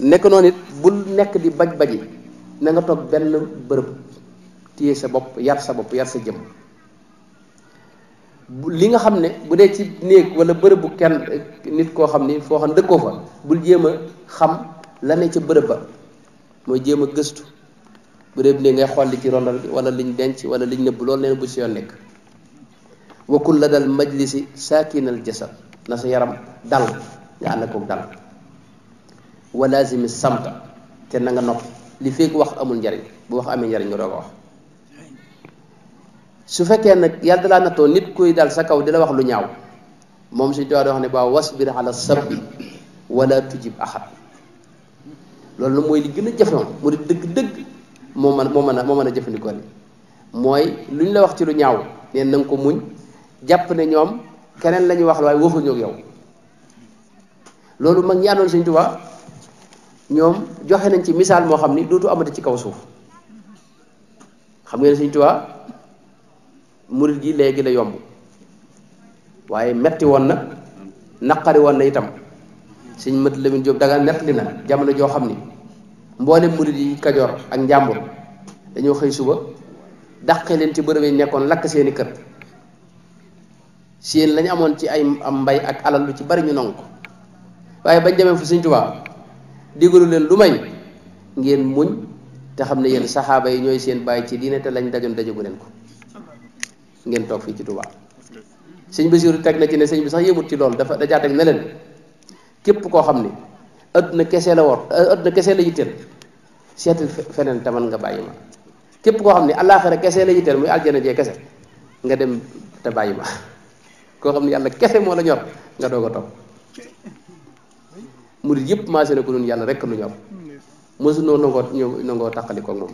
nekk noonu it bul nekk di baj baji na nga toog benn bërëb téye sa bopp yar sa bopp yar sa bu li nga xam ne bu dee ci néeg wala bërëb bu kenn nit koo xam ni foo xam dëkkoo fa bul jéem a xam la ne ca bërëb ba mooy jéem a gëstu bërëb ne ngay xool li ci rondal bi wala liñ denc wala liñ nëbb loolu leen bu si yoon nekk wakul la dal majlisi saakinal jasa na sa yaram dal nga ànd ak dal wa lazimi samta te nanga nga noppi li fekk wax amul njariñ bu wax amee njariñ nga doog a wax su fekkee nag yàlla da nattoo nit kuy dal sa kaw di la wax lu ñaaw moom suñu tubaab di wax ne ba wasbir ala sabbi wala tujib axat loolu mooy li gën a jafewoon mu di dëgg-dëgg moo mën moo mën a moo mën a jëfandikoo mooy lu la wax ci lu ñaaw neen na ko muñ jàpp ne ñoom keneen la ñu wax waaye waxuñu ak yow loolu mag ñi àndoon suñu tubaab ñoom joxe nañ ci misaal moo xam ni dootu amati ci kaw suuf xam ngeen sëñ tuwa murid gi léegi la yomb waaye metti woon na naqari woon na itam sëñ mat lamin job daga nettali na jamono joo xam ni mboolem murit yi kajoor ak njàmbur dañoo xëy suba dàqe leen ci bërëb yi nekkoon lakk seeni kër seen lañ amoon ci ay am mbay ak alal lu ci bari ñu nangu waaye bañ demee fu sëñ tuwaa digalu leen lu may ngeen muñ te xam ne yéen saxaaba yi ñooy seen bàyyi ci diine te lañ dajoon dajagu leen ko ngeen toog fii ci Tuubaa sëñ Basiiru teg na ci ne sëñ bi sax yëmut ci loolu dafa dajaa na leen képp koo xam ne adduna kese la wor adduna kese la yitteel seetal feneen taman nga bàyyi ma képp koo xam ne àllaaxira kese la yitteel muy aljana jee kese nga dem te bàyyi ma koo xam ne yàlla kese moo la ñor nga doog a toog murit yëpp maasé na ko doon yàlla rek lu ñor mësu noo nangoo ñoo nangoo tàqali moom